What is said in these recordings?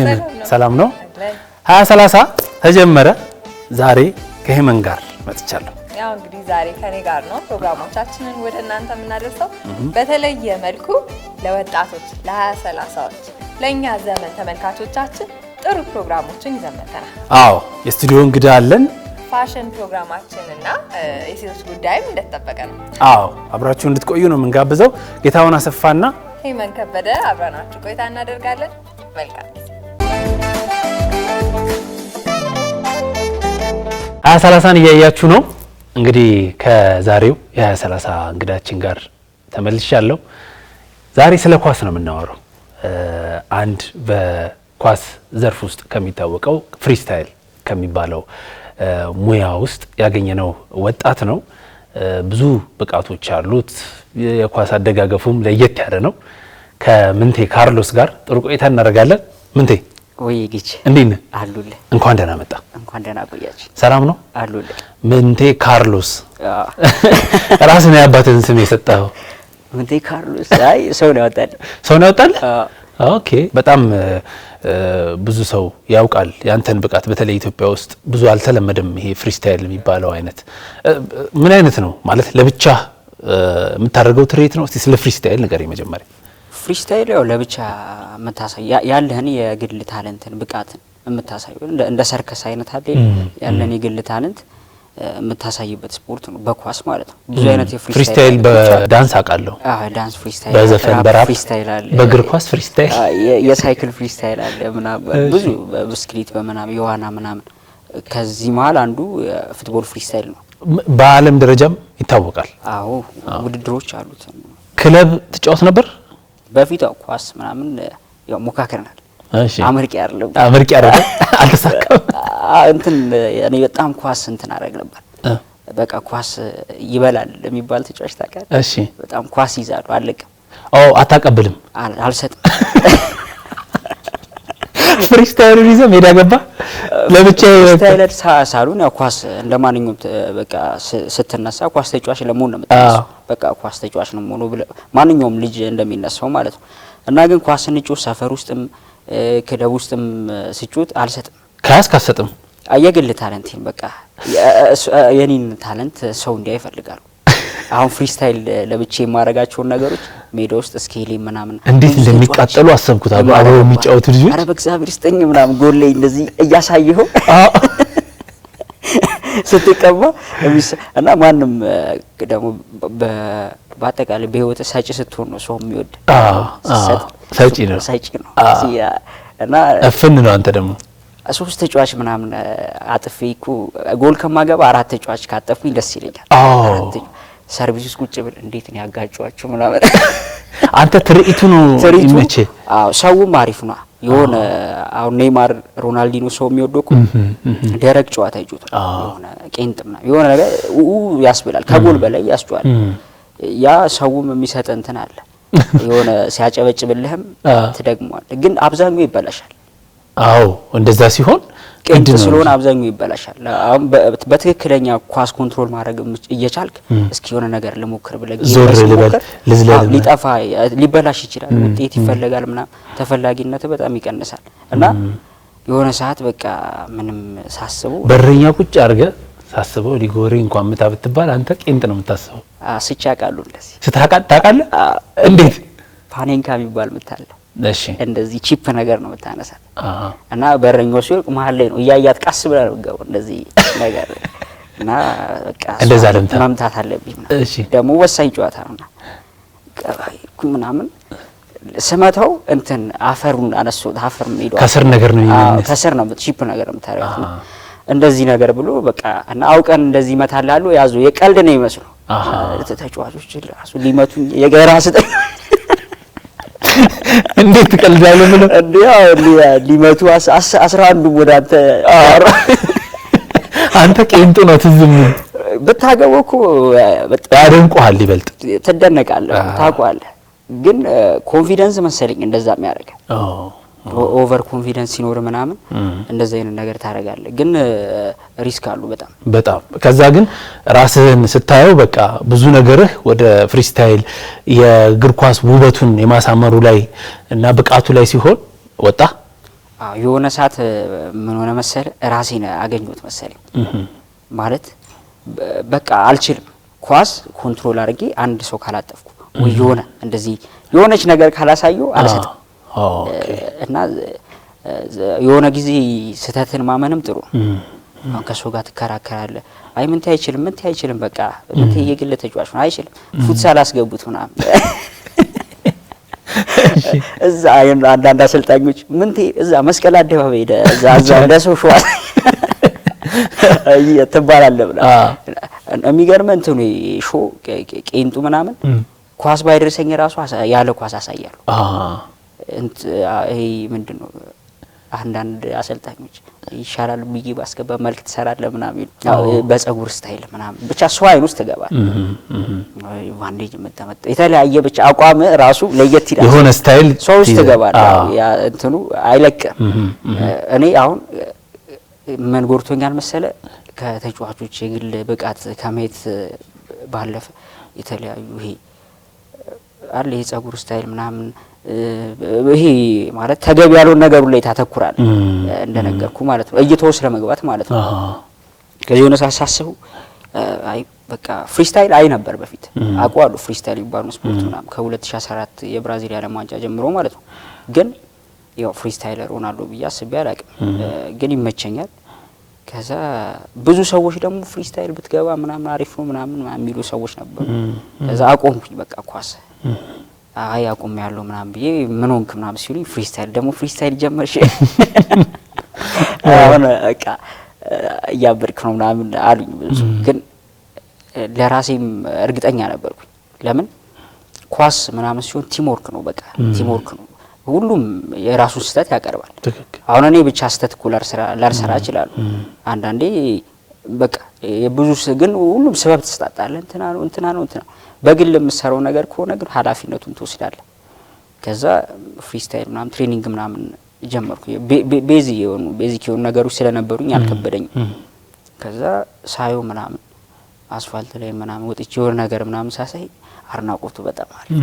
እንዴት ነው? ሰላም ነው። ሀያ ሰላሳ ተጀመረ። ዛሬ ከሄመን ጋር መጥቻለሁ። ያው እንግዲህ ዛሬ ከኔ ጋር ነው ፕሮግራሞቻችንን ወደ እናንተ የምናደርሰው። በተለየ መልኩ ለወጣቶች ለሀያ ሰላሳዎች ለእኛ ዘመን ተመልካቾቻችን ጥሩ ፕሮግራሞችን ይዘመተናል። አዎ የስቱዲዮ እንግዳ አለን። ፋሽን ፕሮግራማችን እና የሴቶች ጉዳይም እንደተጠበቀ ነው። አዎ አብራችሁ እንድትቆዩ ነው የምንጋብዘው። ጌታሁን አሰፋና ሄመን ከበደ አብረናችሁ ቆይታ እናደርጋለን። መልካም ሀያ ሰላሳን እያያችሁ ነው እንግዲህ ከዛሬው የሀያ ሰላሳ እንግዳችን ጋር ተመልሻለሁ። ዛሬ ስለ ኳስ ነው የምናወራው። አንድ በኳስ ዘርፍ ውስጥ ከሚታወቀው ፍሪስታይል ከሚባለው ሙያ ውስጥ ያገኘነው ወጣት ነው። ብዙ ብቃቶች አሉት። የኳስ አደጋገፉም ለየት ያለ ነው። ከምንቴ ካርሎስ ጋር ጥሩ ቆይታ እናደርጋለን። ምንቴ ወይ ግጭ እንዴት ነህ? እንኳን ደህና መጣ። እንኳን ደህና ቆያችሁ። ሰላም ነው አሉል። ምንቴ ካርሎስ ራስን ነው ስም የሰጠው ምንቴ ካርሎስ አይ ሰው ነው ያወጣልህ። ሰው ነው ያወጣልህ። ኦኬ በጣም ብዙ ሰው ያውቃል ያንተን ብቃት። በተለይ ኢትዮጵያ ውስጥ ብዙ አልተለመደም ይሄ ፍሪስታይል የሚባለው አይነት። ምን አይነት ነው ማለት ለብቻ የምታደርገው ትርኢት ነው? እስቲ ስለ ፍሪስታይል ንገረኝ መጀመሪያ ፍሪስታይል ያው ለብቻ የምታሳይ ያለህን የግል ታለንትን ብቃትን የምታሳይ እንደ ሰርከስ አይነት አለ ያለን የግል ታለንት የምታሳይበት ስፖርት ነው። በኳስ ማለት ነው ብዙ አይነት ፍሪስታይል በዳንስ አውቃለሁ። ዳንስ ፍሪስታይል፣ በዘፈን በራፕ ፍሪስታይል አለ፣ በእግር ኳስ ፍሪስታይል፣ የሳይክል ፍሪስታይል አለ ምናምን ብዙ ብስክሌት በምናምን የዋና ምናምን። ከዚህ መሀል አንዱ ፉትቦል ፍሪስታይል ነው። በዓለም ደረጃም ይታወቃል። አዎ ውድድሮች አሉት። ክለብ ትጫወት ነበር? በፊት ኳስ ምናምን ያው ሞካከርናል። እሺ አመርቂ አይደለም አመርቂ አይደለም አልተሳካም። እንትን እኔ በጣም ኳስ እንትን አደረግ ነበር። በቃ ኳስ ይበላል የሚባል ተጫዋች ታውቃለህ? እሺ በጣም ኳስ ይዛሉ አለቅም። ኦ አታቀብልም? አልሰጥም ፍሪስታይል ይዘህ ሜዳ ገባ ለብቻ ፍሪስታይል ሳሉን ያው ኳስ እንደማንኛውም በቃ ስትነሳ ኳስ ተጫዋች ለመሆን ነው የምትነሳው። በቃ ኳስ ተጫዋች ነው መሆኑ ማንኛውም ልጅ እንደሚነሳው ማለት ነው። እና ግን ኳስ ስንጮህ ሰፈር ውስጥም ክለብ ውስጥም ስጩት አልሰጥም፣ ከያዝ ካሰጥም የግል ታለንቴን በቃ የኔን ታለንት ሰው እንዲያ ይፈልጋሉ። አሁን ፍሪስታይል ለብቻ የማረጋቸውን ነገሮች ሜዳ ውስጥ እስኬሌ ምናምን እንዴት እንደሚቃጠሉ አሰብኩት። አብረው የሚጫወቱ ልጆች አረ በእግዚአብሔር ይስጠኝ ምናምን ጎል ላይ እንደዚህ እያሳየኸው ስትቀባ እና ማንም ደግሞ በአጠቃላይ በህይወት ሰጪ ስትሆን ነው ሰው የሚወድ ሰጪ ነው ሰጪ ነው እና እፍን ነው። አንተ ደግሞ ሶስት ተጫዋች ምናምን አጥፌ እኮ ጎል ከማገባ አራት ተጫዋች ካጠፉኝ ደስ ይለኛል። ሰርቪስ ውስጥ ቁጭ ብል እንዴት ነው ያጋጫችሁ ምናምን አንተ ትርኢቱ ነው ይመች። አዎ ሰውም አሪፍ ነው። የሆነ አሁን ኔይማር ሮናልዲኖ ሰው የሚወደቁ ደረቅ ጨዋታ ይጮታል። የሆነ ቄንጥም ነው የሆነ ነገር ኡ ያስብላል። ከጎል በላይ ያስጫዋል ያ ሰውም የሚሰጥ እንትን አለ። የሆነ ሲያጨበጭብልህም ትደግሟል ግን አብዛኛው ይበላሻል። አዎ እንደዛ ሲሆን ቅድ ስለሆነ አብዛኛው ይበላሻል። አሁን በትክክለኛ ኳስ ኮንትሮል ማድረግ እየቻልክ እስኪ የሆነ ነገር ልሞክር ብለህ ሊጠፋ ሊበላሽ ይችላል። ውጤት ይፈለጋል ምናምን ተፈላጊነት በጣም ይቀንሳል እና የሆነ ሰዓት በቃ ምንም ሳስበው በረኛ ቁጭ አድርገህ ሳስበው ሊጎሪ እንኳን ምታ ብትባል አንተ ቄንጥ ነው የምታስበው። ስቻ ቃሉ እንደዚህ ስታቃ ታውቃለህ። እንዴት ፓኔንካ የሚባል ምታለህ እንደዚህ ቺፕ ነገር ነው የምታነሳት እና በረኛው ሲወርቅ መሀል ላይ ነው እያያት ቀስ ብላ ነው የምትገባው እንደዚህ ነገር እና በቃ እንደዛ መምታት አለብኝ። ደግሞ ወሳኝ ጨዋታ ነው ምናምን ስመተው እንትን አፈሩን አነሱ አፈር ሄደ ከስር ነገር ነው ከስር ነው ቺፕ ነገር ነው እንደዚህ ነገር ብሎ በቃ እና አውቀን እንደዚህ ይመታላሉ ያዙ የቀልድ ነው ይመስሉ ተጫዋቾች ራሱ ሊመቱኝ የገራ ስጠ እንዴት ትቀልዳለህ? ምን እንዴ አው ሊመቱ አስራ አንዱ ወደ አንተ አንተ ቄንጡ ነው ትዝም ብታገበው እኮ ያደንቁሃል፣ ይበልጥ ትደነቃለህ፣ ታውቀዋለህ። ግን ኮንፊደንስ መሰለኝ እንደዛ የሚያደርገህ ኦቨር ኮንፊደንስ ሲኖር ምናምን እንደዚህ አይነት ነገር ታደርጋለህ። ግን ሪስክ አሉ በጣም በጣም። ከዛ ግን ራስህን ስታየው በቃ ብዙ ነገርህ ወደ ፍሪስታይል የእግር ኳስ ውበቱን የማሳመሩ ላይ እና ብቃቱ ላይ ሲሆን ወጣ የሆነ ሰዓት ምን ሆነ መሰለ ራሴን አገኘሁት መሰለኝ። ማለት በቃ አልችልም ኳስ ኮንትሮል አድርጌ አንድ ሰው ካላጠፍኩ ወይ የሆነ እንደዚህ የሆነች ነገር ካላሳየው አልሰጥም እና የሆነ ጊዜ ስህተትን ማመንም ጥሩ አሁን ከሰው ጋር ትከራከራለ። አይ ምንቴ አይችልም ምንቴ አይችልም፣ በቃ ምንቴ የግል ተጫዋች ነው አይችልም፣ ፉትሳል አስገቡት ምናምን እዛ አንዳንድ አሰልጣኞች ምንቴ እዛ መስቀል አደባባይ ሄደ እዛ እዛ እንደ ሰው ሸዋል ትባላለ ምናምን። የሚገርመህ እንትኑ ሾ ቄንጡ ምናምን ኳስ ባይደርሰኝ ራሱ ያለ ኳስ አሳያሉ ይሄ ምንድን ነው አንዳንድ አሰልጣኞች ይሻላል ብዬ ባስገባ መልክ ትሰራለ ምናምን በጸጉር ስታይል ምናምን ብቻ እሱ አይን ውስጥ ትገባል። ቫንዴጅ የምጠመጠ የተለያየ ብቻ አቋም ራሱ ለየት ይላል። የሆነ ስታይል ሰው ውስጥ ትገባል። እንትኑ አይለቅም። እኔ አሁን ምን ጎርቶኛል መሰለ ከተጫዋቾች የግል ብቃት ከማየት ባለፈ የተለያዩ ይሄ አለ የጸጉር ስታይል ምናምን ይሄ ማለት ተገቢ ያለውን ነገሩ ላይ ታተኩራል እንደነገርኩ ማለት ነው። እየተወ ስለ ማለት ነው። ከዚህ የሆነ ሳሳስበው አይ በቃ ፍሪስታይል አይ ነበር በፊት አቋሉ ፍሪስታይል ይባሉ ስፖርት ምናምን ከ2014 የብራዚል ዓለም ዋንጫ ጀምሮ ማለት ነው። ግን ያው ፍሪስታይለር ሆናለሁ ብዬ አስቤ ግን ይመቸኛል። ከዛ ብዙ ሰዎች ደግሞ ፍሪስታይል ብትገባ ምናምን አሪፍ ነው ምናምን የሚሉ ሰዎች ነበሩ። ከዛ አቆምኩኝ በቃ ኳስ አይ አቁም ያለው ምናምን ብዬ ምን ሆንክ ምናምን ሲሉኝ ፍሪስታይል ደግሞ ፍሪስታይል ጀመርሽ አሁን በቃ እያበድክ ነው ምናምን አሉኝ። ብዙ ግን ለራሴም እርግጠኛ ነበርኩኝ። ለምን ኳስ ምናምን ሲሆን ቲምወርክ ነው፣ በቃ ቲምወርክ ነው። ሁሉም የራሱን ስህተት ያቀርባል። አሁን እኔ ብቻ ስህተት እኮ ላልሰራ እችላለሁ። አንዳንዴ በቃ የብዙ ግን ሁሉም ስበብ ትስጣጣለ እንትና ነው እንትና ነው እንትና በግል የምሰራው ነገር ከሆነ ግን ኃላፊነቱን ትወስዳለ ከዛ ፍሪስታይል ምናምን ትሬኒንግ ምናምን ጀመርኩ። ቤዚክ የሆኑ ቤዚክ የሆኑ ነገሮች ስለነበሩኝ አልከበደኝም። ከዛ ሳዩ ምናምን አስፋልት ላይ ምናምን ወጥቼ የሆነ ነገር ምናምን ሳሳይ አድናቆቱ በጣም አሪፍ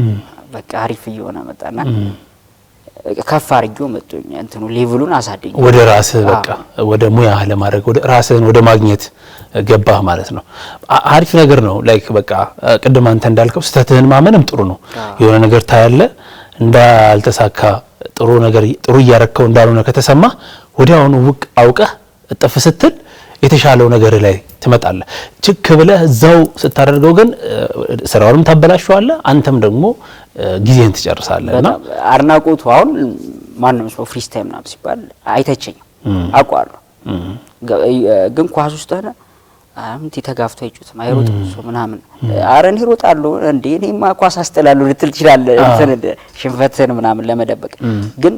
በቃ አሪፍ እየሆነ መጣና ከፍ አድርጌው መጡኝ እንትኑ ሌቭሉን አሳደኝ። ወደ ራስህ በቃ ወደ ሙያህ ለማድረግ ወደ ራስህን ወደ ማግኘት ገባህ ማለት ነው። አሪፍ ነገር ነው። ላይክ በቃ ቅድም አንተ እንዳልከው ስህተትህን ማመንም ጥሩ ነው። የሆነ ነገር ታያለ እንዳልተሳካ ጥሩ ነገር ጥሩ እያረከው እንዳልሆነ ከተሰማ ወዲያውኑ ውቅ አውቀህ እጥፍ ስትል የተሻለው ነገር ላይ ትመጣለህ። ችክ ብለህ እዛው ስታደርገው ግን ስራውንም ታበላሸዋለህ፣ አንተም ደግሞ ጊዜን ትጨርሳለህ። እና አድናቆቱ አሁን ማንም ሰው ፍሪስታይል ምናምን ሲባል አይተቸኝም፣ አውቀዋለሁ። ግን ኳስ ውስጥ ሆነ አምቲ ተጋፍቶ አይጩትም አይሮጥም እሱ ምናምን አረን እኔ እሮጣለሁ እንዴ እኔማ ኳስ አስጥላለሁ ልትል ትችላለህ፣ ሽንፈትን ምናምን ለመደበቅ ግን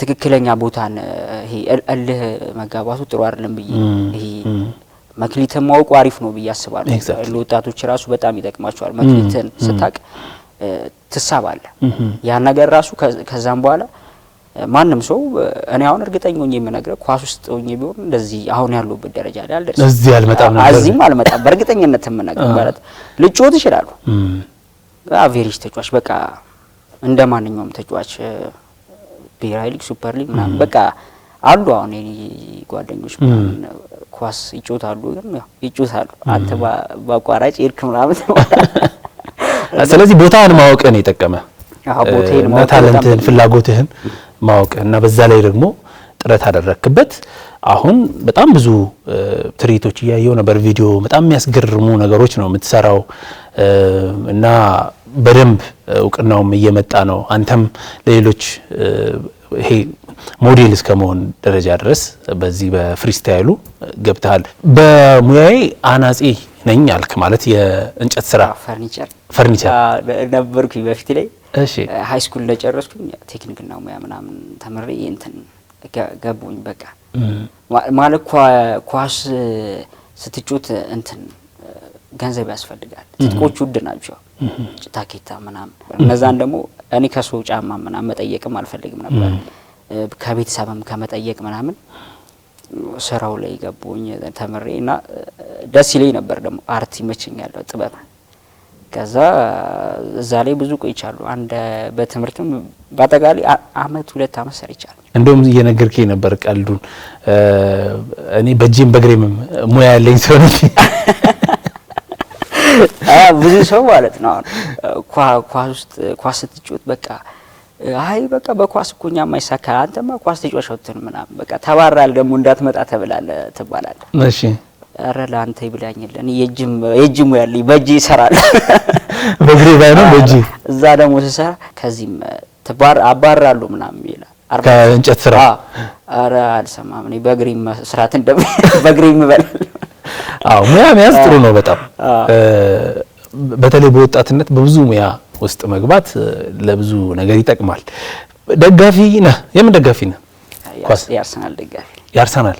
ትክክለኛ ቦታን ይሄ እልህ መጋባቱ ጥሩ አይደለም ብዬ ይሄ መክሊትን ማወቁ አሪፍ ነው ብዬ አስባለሁ። ለወጣቶች ራሱ በጣም ይጠቅማቸዋል። መክሊትን ስታቅ ትሳባለ ያ ነገር ራሱ ከዛም በኋላ ማንም ሰው እኔ አሁን እርግጠኛ ሆኜ የምነግረው ኳስ ውስጥ ሆኜ ቢሆን እንደዚህ አሁን ያለሁበት ደረጃ ላይ አልደርስም፣ እዚህ አልመጣም ነበር፣ እዚህም አልመጣም በእርግጠኝነት የምነግረው ማለት ልጮት ይችላሉ። አቬሬጅ ተጫዋች በቃ እንደ ማንኛውም ተጫዋች ብሔራዊ ሊግ፣ ሱፐር ሊግ ምናምን በቃ አሉ። አሁን ጓደኞች ኳስ ይጮታሉ፣ ግን ያው ይጮታሉ። አንተ በአቋራጭ ይርክ ምናምን። ስለዚህ ማወቅ ነው የጠቀመ እና ታለንትህን ፍላጎትህን ማወቅ እና በዛ ላይ ደግሞ ጥረት አደረክበት። አሁን በጣም ብዙ ትርኢቶች እያየው ነበር ቪዲዮ፣ በጣም የሚያስገርሙ ነገሮች ነው የምትሰራው እና በደንብ እውቅናውም እየመጣ ነው። አንተም ለሌሎች ይሄ ሞዴል እስከ መሆን ደረጃ ድረስ በዚህ በፍሪስታይሉ ገብተሃል። በሙያዬ አናጺ ነኝ አልክ ማለት የእንጨት ስራ ፈርኒቸር ነበርኩኝ በፊት ላይ። እሺ ሀይ ስኩል እንደጨረስኩኝ ቴክኒክና ሙያ ምናምን ተምሬ እንትን ገቡኝ። በቃ ማለት ኳስ ስትጩት እንትን ገንዘብ ያስፈልጋል። ትጥቆቹ ውድ ናቸው። ታኬታ ምናምን እነዛን ደግሞ እኔ ከሱ ጫማ ምናምን መጠየቅም አልፈልግም ነበር። ከቤተሰብም ከመጠየቅ ምናምን ስራው ላይ ገቡኝ ተምሬ እና ደስ ይለኝ ነበር። ደግሞ አርት ይመቸኛል፣ ጥበብ ከዛ እዛ ላይ ብዙ ቆይቻለሁ። አንድ በትምህርትም በአጠቃላይ አመት ሁለት አመት ሰርቻለሁ። እንደውም እየነገርከኝ ነበር ቀልዱን። እኔ በእጄም በእግሬም ሙያ ያለኝ ሰው ነኝ ብዙ ሰው ማለት ነው ኳስ ውስጥ ኳስ ስትጫወት በቃ አይ በቃ በኳስ እኮ እኛም አይሳካ አንተማ ኳስ ተጫዋች አትሆን ምናምን በቃ ተባራል ደግሞ እንዳትመጣ ተብላለህ ትባላለህ። እሺ አረ ለአንተ ይብላኝልን እኔ የእጅም የእጅም ያለኝ በእጅ ይሰራል በግሬ ነው በእጅ እዛ ደግሞ ስሰራ ከዚህም ተባር አባራሉ ምናምን ይላል ከእንጨት ስራ አረ አልሰማም እኔ በእግሬ መስራት እንደም በእግሬ እበላለሁ። አዎ ሙያ መያዝ ጥሩ ነው በጣም በተለይ በወጣትነት በብዙ ሙያ ውስጥ መግባት ለብዙ ነገር ይጠቅማል። ደጋፊ ነህ? የምን ደጋፊ ነህ? የአርሰናል ደጋፊ። የአርሰናል?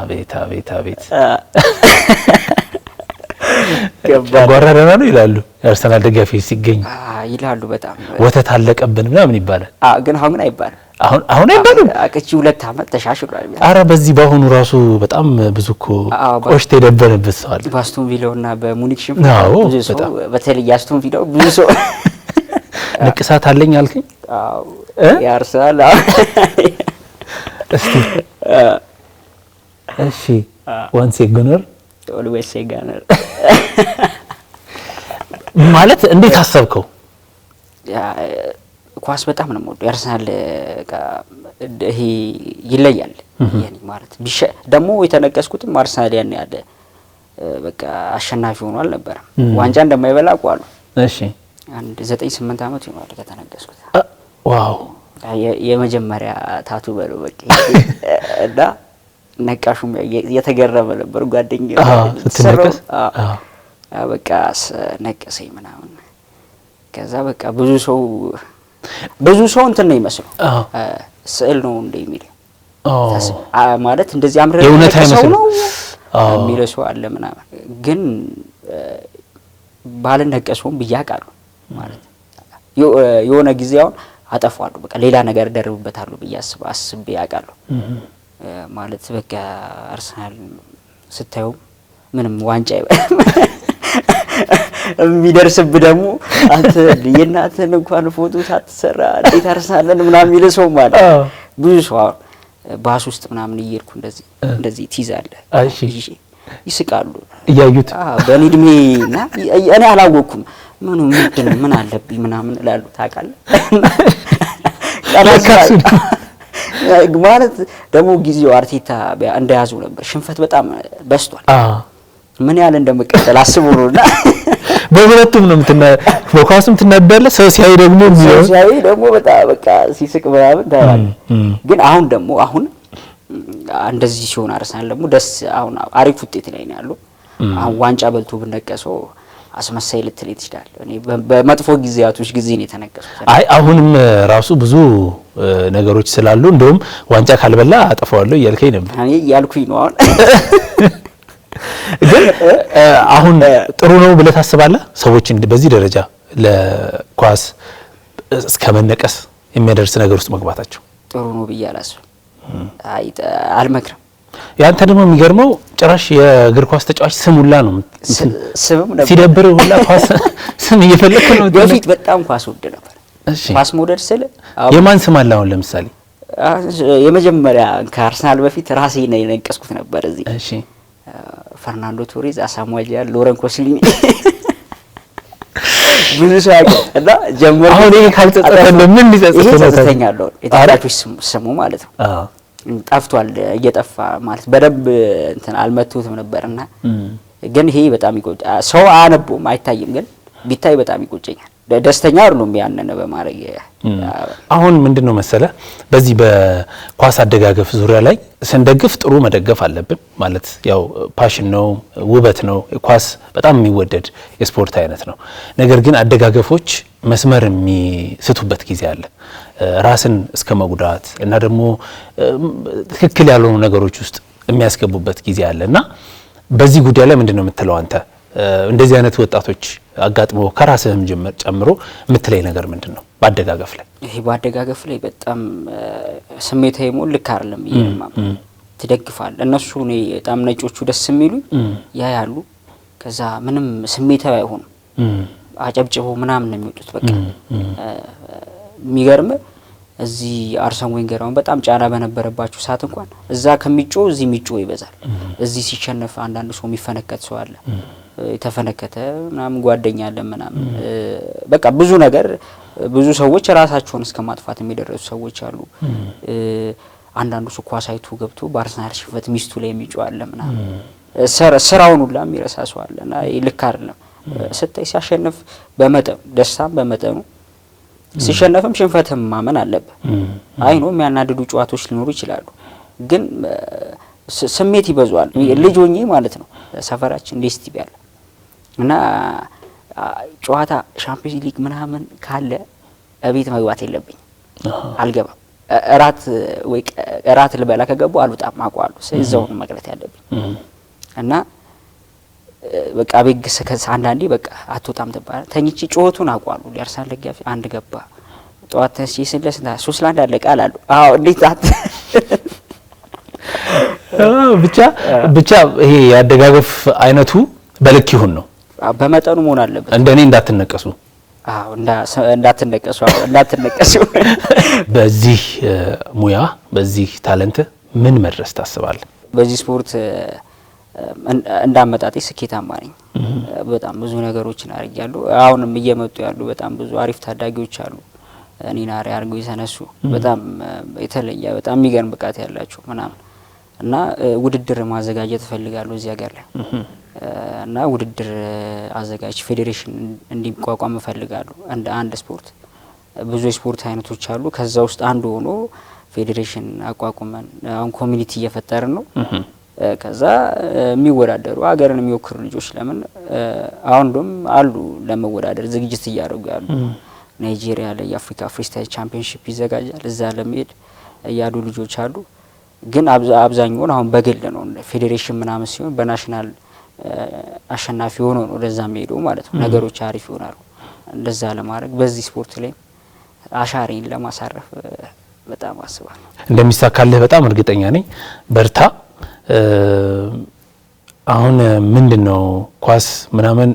አቤት አቤት አቤት! ጓራ ደህና ነው ይላሉ የአርሰናል ደጋፊ ሲገኝ ይላሉ። በጣም ወተት አለቀብን ምናምን ይባላል። ግን አሁን ግን አይባልም አሁን አሁን አይባልም አቅቺ ሁለት አመት ተሻሽሏል። አረ በዚህ በአሁኑ ራሱ በጣም ብዙ እኮ ቆሽት የደበረበት ሰው አለ። በአስቶን ቪላው እና በሙኒክ ሽም ብዙ ሰው በተለይ አስቶን ቪላው ብዙ ሰው ንቅሳት አለኝ አልከኝ። አዎ ያርሳል። እስቲ እሺ ዋንስ ጉነር ገነር ኦልዌይስ ኤ ማለት እንዴት አሰብከው? ኳስ በጣም ነው የምወደው። ያርሰናል ይሄ ይለያል ማለት ቢሸ ደግሞ የተነቀስኩትም አርሰናል ያን ያለ በቃ አሸናፊ ሆኖ አልነበረም። ዋንጫ እንደማይበላ ቋሉ እሺ፣ አንድ ዘጠኝ ስምንት አመት ይሆናል ከተነቀስኩት። ዋው የመጀመሪያ ታቱ በሉ በቃ እና ነቃሹም የተገረመ ነበር ጓደኛ ስትነቀስ በቃ ነቀሰኝ ምናምን። ከዛ በቃ ብዙ ሰው ብዙ ሰው እንትን ነው ይመስለው ስዕል ነው እንደ የሚል ማለት እንደዚህ አምረ አይመስል ነው የሚል ሰው አለ ምናምን፣ ግን ባልነቀሰውም ብዬ አውቃለሁ ማለት የሆነ ጊዜ አሁን አጠፋዋለሁ በቃ ሌላ ነገር ደርብበታለሁ ብዬ አስብ አውቃለሁ። ማለት በቃ አርሰናል ስታዩ ምንም ዋንጫ የሚደርስብ ደግሞ አንተ የእናትህን እንኳን ፎቶ ሳትሰራ እንዴት አርሳለን ምናምን የሚል ሰው ማለት ብዙ ሰው ባስ ውስጥ ምናምን እየሄድኩ እንደዚህ እንደዚህ ትይዛለህ። ይስቃሉ እያዩት በእኔ እድሜ እና እኔ አላወቅኩም። ምኑ ምንድን ምን አለብኝ ምናምን እላሉ ታውቃለህ። ማለት ደግሞ ጊዜው አርቴታ እንደያዙ ነበር። ሽንፈት በጣም በስቷል። ምን ያህል እንደምቀጠል አስቡ ነውና በሁለቱም ነው ምትና በኳስም ትናዳለ ሰው ሲያይ ደግሞ ሰው ሲያይ ደግሞ በጣም በቃ ሲስቅ ምናምን ታያለ። ግን አሁን ደግሞ አሁን እንደዚህ ሲሆን አርሰናል ደግሞ ደስ አሁን አሪፍ ውጤት ላይ ነው ያለው። አሁን ዋንጫ በልቶ ብነቀሰው አስመሳይ ልትለኝ ትችላል። እኔ በመጥፎ ጊዜያቶች ጊዜ ነው የተነቀሱት። አይ አሁንም ራሱ ብዙ ነገሮች ስላሉ እንደውም ዋንጫ ካልበላ አጠፋዋለሁ እያልከኝ ነበር። እኔ እያልኩኝ ነው አሁን ግን አሁን ጥሩ ነው ብለህ ታስባለህ? ሰዎችን በዚህ ደረጃ ለኳስ እስከ መነቀስ የሚያደርስ ነገር ውስጥ መግባታቸው ጥሩ ነው ብዬ አላስብም፣ አልመክርም። ያንተ ደግሞ የሚገርመው ጭራሽ የእግር ኳስ ተጫዋች ስም ሁላ ነው ሲደብር ሁላ ኳስ ስም እየፈለክ ነው። በፊት በጣም ኳስ ወድ ነበር። ኳስ መውደድ ስል የማን ስም አለ? አሁን ለምሳሌ የመጀመሪያ ከአርሰናል በፊት ራሴ ነው የነቀስኩት ነበር እዚህ ፈርናንዶ ቶሬዝ፣ አሳሙኤል ያል፣ ሎረን ኮስሊኒ ብዙ ሰው እና አሁን ይሄ ምን የተጫዋቾች ስሙ ማለት ነው ጠፍቷል፣ እየጠፋ ማለት በደንብ እንትን አልመቱትም ግን ይሄ በጣም ሰው አያነቦም አይታይም፣ ግን ቢታይ በጣም ይቆጨኛል። ደስተኛ አይደሉም። ያንን በማድረግ አሁን ምንድን ነው መሰለ በዚህ በኳስ አደጋገፍ ዙሪያ ላይ ስንደግፍ ጥሩ መደገፍ አለብን። ማለት ያው ፓሽን ነው፣ ውበት ነው። ኳስ በጣም የሚወደድ የስፖርት አይነት ነው። ነገር ግን አደጋገፎች መስመር የሚስቱበት ጊዜ አለ፣ ራስን እስከ መጉዳት እና ደግሞ ትክክል ያልሆኑ ነገሮች ውስጥ የሚያስገቡበት ጊዜ አለ እና በዚህ ጉዳይ ላይ ምንድን ነው የምትለው አንተ? እንደዚህ አይነት ወጣቶች አጋጥሞ ከራስህም ጀምር ጨምሮ የምትለይ ነገር ምንድን ነው? በአደጋገፍ ላይ ይሄ በአደጋገፍ ላይ በጣም ስሜታዊ መሆን ልክ አይደለም ብዬ ትደግፋል። እነሱ እኔ በጣም ነጮቹ ደስ የሚሉ ያ ያሉ ከዛ ምንም ስሜታዊ አይሆኑም። አጨብጭቦ ምናምን ነው የሚወጡት። በቃ የሚገርም እዚህ አርሰን ዌንገር አሁን በጣም ጫና በነበረባቸው ሰዓት እንኳን እዛ ከሚጮ እዚህ የሚጮ ይበዛል። እዚህ ሲሸነፍ አንዳንድ ሰው የሚፈነከት ሰው አለ። የተፈነከተ ምናምን ጓደኛ አለ ምናምን በቃ ብዙ ነገር ብዙ ሰዎች ራሳቸውን እስከ ማጥፋት የሚደረሱ ሰዎች አሉ። አንዳንዱ ስኳ ሳይቱ ገብቶ በአርሰናል ሽንፈት ሚስቱ ላይ የሚጮህ አለ ምናምን ስራውን ሁላ የሚረሳ ሰው አለ ልክ አይደለም። ስታይ ሲያሸንፍ በመጠኑ ደስታም በመጠኑ ሲሸነፍም ሽንፈትም ማመን አለበ አይ ነው የሚያናድዱ ጨዋታዎች ሊኖሩ ይችላሉ፣ ግን ስሜት ይበዛዋል። ልጅ ሆኜ ማለት ነው ሰፈራችን ዴስቲቪ አለ እና ጨዋታ ሻምፒዮንስ ሊግ ምናምን ካለ እቤት መግባት የለብኝ አልገባም። እራት ወይ እራት ልበላ ከገቡ አልወጣም አውቀዋለሁ። እዛው መቅረት ያለብኝ እና በቃ ቤግ ስከስ አንዳንዴ በቃ አትወጣም ትባላል። ተኝቼ ጩኸቱን አውቀዋለሁ። ሊያርሳን ደጋፊ አንድ ገባ ጠዋት ተንስቼ ስለስ ሶስት ለአንድ አለቀ አላሉ። አዎ እንዴት አት ብቻ ብቻ ይሄ የአደጋገፍ አይነቱ በልክ ይሁን ነው በመጠኑ መሆን አለበት። እንደኔ እንዳትነቀሱ እንዳትነቀሱ እንዳትነቀሱ። በዚህ ሙያ በዚህ ታለንት ምን መድረስ ታስባለህ? በዚህ ስፖርት እንዳመጣጤ ስኬታማ ነኝ። በጣም ብዙ ነገሮችን አድርጊያለሁ። አሁንም እየመጡ ያሉ በጣም ብዙ አሪፍ ታዳጊዎች አሉ እኔን አርአያ አድርገው የተነሱ በጣም የተለየ በጣም የሚገርም ብቃት ያላቸው ምናምን እና ውድድር ማዘጋጀት እፈልጋለሁ እዚያ ጋር ላይ እና ውድድር አዘጋጅ ፌዴሬሽን እንዲቋቋም እፈልጋለሁ። እንደ አንድ ስፖርት ብዙ የስፖርት አይነቶች አሉ። ከዛ ውስጥ አንዱ ሆኖ ፌዴሬሽን አቋቁመን አሁን ኮሚኒቲ እየፈጠርን ነው። ከዛ የሚወዳደሩ ሀገርን የሚወክሩ ልጆች ለምን አሁን አሉ ለመወዳደር ዝግጅት እያደረጉ ያሉ ናይጄሪያ ላይ የአፍሪካ ፍሪስታይል ቻምፒዮንሺፕ ይዘጋጃል። እዛ ለመሄድ ያሉ ልጆች አሉ። ግን አብዛኛውን አሁን በግል ነው ፌዴሬሽን ምናምን ሲሆን በናሽናል አሸናፊ ሆኖ ነው ወደዛ የሚሄደው ማለት ነው። ነገሮች አሪፍ ይሆናሉ። እንደዛ ለማድረግ በዚህ ስፖርት ላይ አሻሬን ለማሳረፍ በጣም አስባለሁ። እንደሚሳካልህ በጣም እርግጠኛ ነኝ። በርታ። አሁን ምንድን ነው ኳስ ምናምን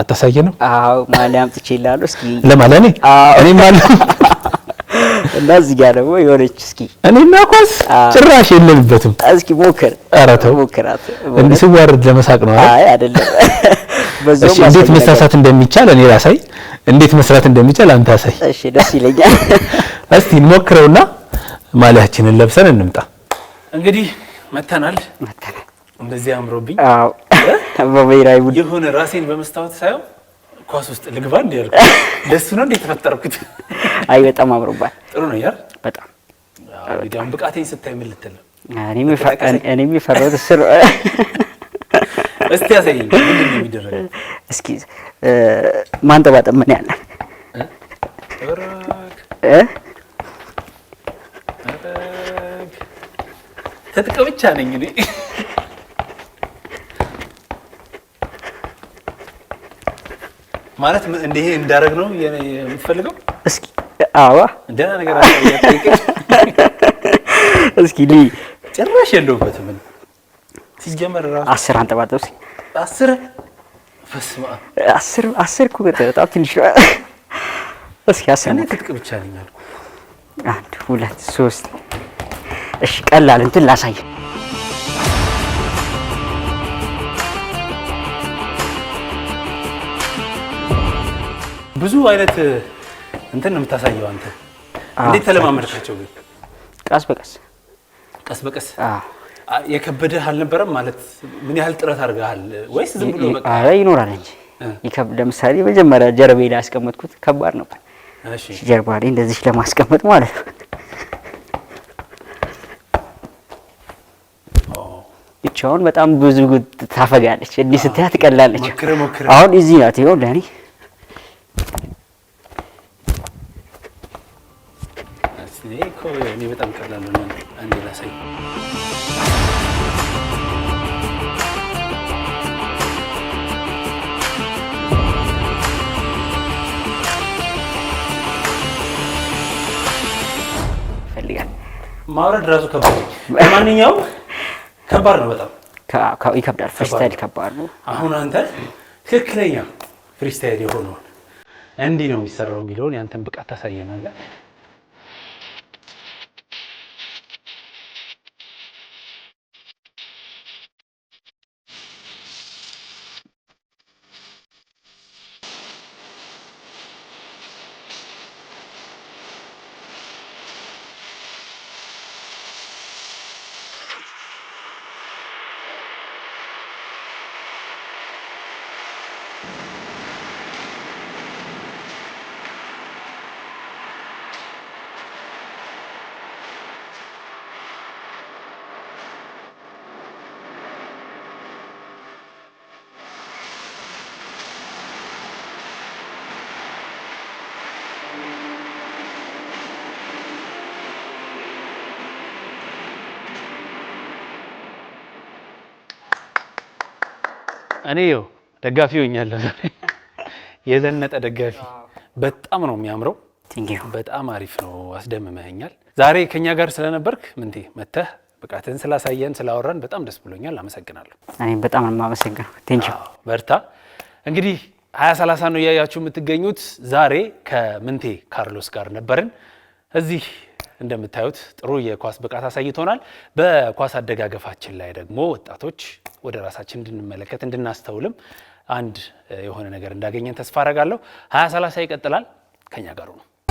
አታሳየንም? አዎ ማሊያ አምጥቼ ይላሉ። እስኪ ለማለኔ እኔ እና እዚህ ጋር ደግሞ የሆነች እስኪ እኔና ኳስ ጭራሽ የለንበትም። እስኪ ሞክር፣ ኧረ ተው ሞክራት። እንዲህ ስዋርድ ለመሳቅ ነው። አይ አይደለም። በዚህ እንዴት መሳሳት እንደሚቻል እኔ ላሳይ፣ እንዴት መስራት እንደሚቻል አንተ አሳይ። እሺ ደስ ይለኛል። እስቲ እንሞክረውና ማሊያችንን ለብሰን እንምጣ። እንግዲህ መተናል መተናል። እንደዚህ አምሮብኝ። አዎ በብሔራዊ ቡድን የሆነ ራሴን በመስታወት ሳየው ኳስ ውስጥ ልግባ እንዲያልኩ ደስ ነው እንዴት ተፈጠርኩት። አይ በጣም አምሮባል። ጥሩ ነው ያር በጣም እንግዲህ ብቃቴን ስታይ ምን ልትል ነው? እኔም የፈራሁት ስር እስቲ ያሳየኝ ምንድን ነው የሚደረገው? እስኪ ማንጠባጠብ ምን ያለ ትጥቅ ብቻ ነኝ እኔ ማለት እንዲህ እንዳደረግ ነው የምትፈልገው አዋ ደህና ነገር እስኪ ሊ ጭራሽ ምን ሲጀመር ራሱ አስር አንጠባጠብ ሲ አስር አስር አስር እኮ በጣም ትንሽ ነው። እስኪ አስር እኔ ትጥቅ ብቻ ነኝ አልኩ። አንድ ሁለት ሶስት። እሺ ቀላል እንትን ላሳይ ብዙ አይነት እንትን ነው የምታሳየው አንተ። እንዴት ተለማመድካቸው ግን? ቀስ በቀስ ቀስ በቀስ የከበደህ አልነበረም ማለት ምን ያህል ጥረት አድርገሃል ወይስ ዝም ብሎ በቃ? ኧረ ይኖራል እንጂ ይከብድ። ለምሳሌ መጀመሪያ ጀርቤ ላይ ያስቀመጥኩት ከባድ ነበር። እሺ ጀርባ ላይ እንደዚህ ለማስቀመጥ ማለት ነው። ብቻውን በጣም ብዙ ታፈጋለች። እንዲህ ስትያት ትቀላለች። አሁን እዚህ ናት ይሁን ለኔ እኮ እኔ በጣም ቀላል አንዴ ላሳይ። ማውረድ ራሱ ከባድ ማንኛውም ከባድ ነው፣ በጣም ይከብዳል። ፍሪስታይል ከባድ ነው። አሁን አንተ ትክክለኛ ፍሪስታይል የሆነውን እንዲህ ነው የሚሰራው የሚለውን ያንተን ብቃት ታሳየናለህ። እኔ ይኸው ደጋፊ ሆኛለሁ። የዘነጠ ደጋፊ በጣም ነው የሚያምረው። በጣም አሪፍ ነው። አስደምመኛል። ዛሬ ከኛ ጋር ስለነበርክ ምንቴ መተህ ብቃትን ስላሳየን ስላወራን በጣም ደስ ብሎኛል። አመሰግናለሁ። እኔም በጣም የማመሰግነው በርታ። እንግዲህ ሀያ ሰላሳ ነው እያያችሁ የምትገኙት። ዛሬ ከምንቴ ካርሎስ ጋር ነበርን እዚህ እንደምታዩት ጥሩ የኳስ ብቃት አሳይቶናል። በኳስ አደጋገፋችን ላይ ደግሞ ወጣቶች ወደ ራሳችን እንድንመለከት እንድናስተውልም አንድ የሆነ ነገር እንዳገኘን ተስፋ አረጋለሁ። ሀያ ሰላሳ ይቀጥላል። ከኛ ጋሩ ነው።